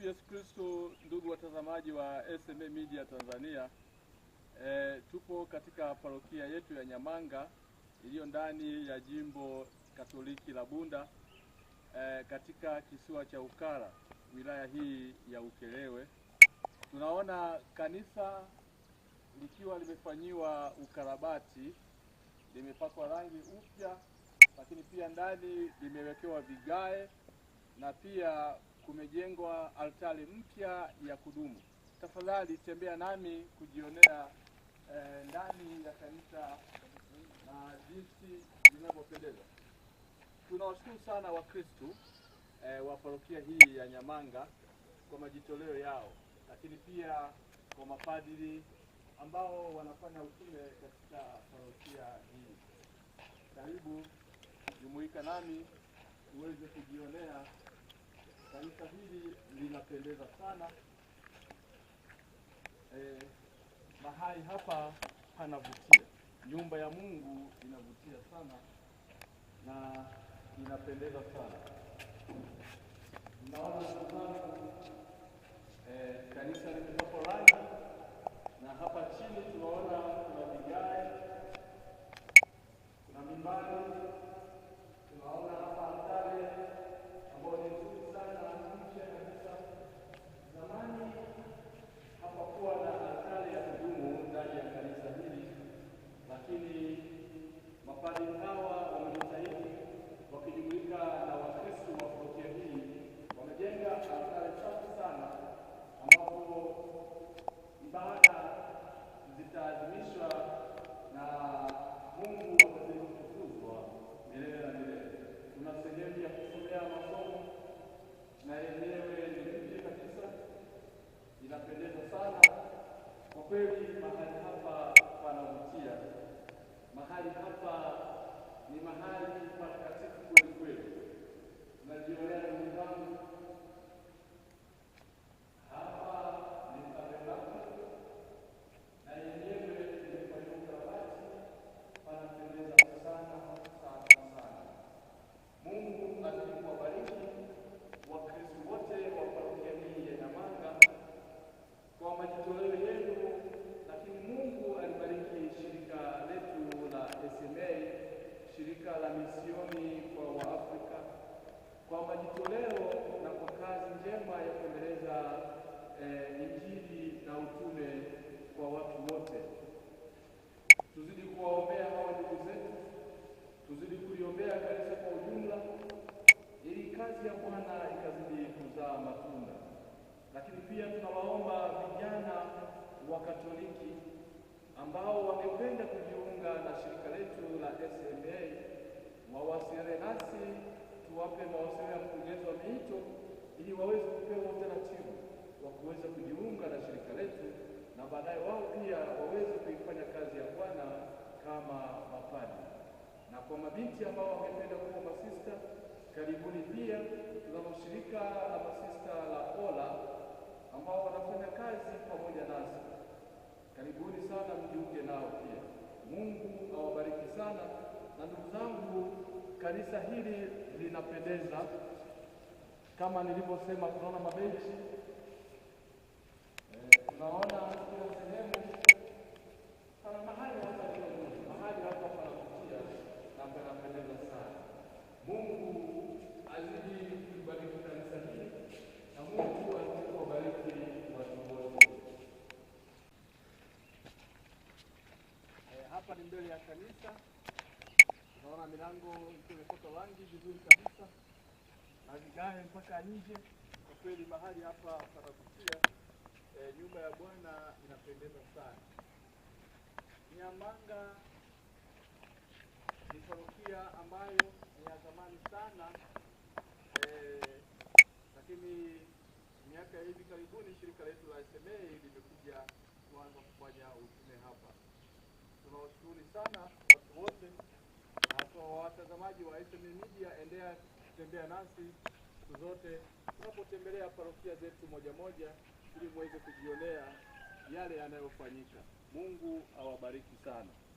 Bwana Yesu Kristo, ndugu watazamaji wa SMA Media Tanzania. E, tupo katika parokia yetu ya Nyamanga iliyo ndani ya jimbo Katoliki la Bunda e, katika kisiwa cha Ukara, wilaya hii ya Ukerewe. Tunaona kanisa likiwa limefanyiwa ukarabati, limepakwa rangi upya, lakini pia ndani limewekewa vigae na pia kumejengwa altari mpya ya kudumu. Tafadhali tembea nami kujionea eh, ndani ya kanisa na jinsi linavyopendeza. Tunawashukuru sana Wakristu eh, wa parokia hii ya Nyamanga kwa majitoleo yao, lakini pia kwa mapadiri ambao wanafanya utume katika parokia hii. Karibu jumuika nami uweze kujionea Kanisa hili linapendeza sana eh, mahali hapa panavutia, nyumba ya Mungu inavutia sana na inapendeza sana. Naona Kweli mahali hapa panavutia, mahali hapa ni mahali patakatifu kweli kweli, najionea Pia tunawaomba vijana wa Katoliki ambao wamependa kujiunga na shirika letu la SMA wawasiliane nasi, tuwape mawasiliano ya mkurugenzi wa miito ili waweze kupewa utaratibu wa kuweza kujiunga na shirika letu na baadaye wao pia waweze kuifanya kazi ya Bwana kama mapadi. Na kwa mabinti ambao wamependa kuwa masista, karibuni pia tunalo shirika Joseph pamoja nasi. Karibuni sana mjiunge nao pia. Mungu awabariki sana, na ndugu zangu, kanisa hili linapendeza kama nilivyosema, tunaona mabenchi eh, tunaona kanisa. Tunaona milango ikiwa imepakwa rangi vizuri kabisa na vigae mpaka nje. Kwa kweli mahali hapa panavutia. E, nyumba ya Bwana inapendeza sana. Nyamanga ni parokia ambayo ni ya zamani sana e, lakini miaka hivi karibuni shirika letu la SMA limekuja kuanza kufanya watazamaji wa SM Media, endea kutembea nasi siku zote tunapotembelea parokia zetu moja moja, ili muweze kujionea yale yanayofanyika. Mungu awabariki sana.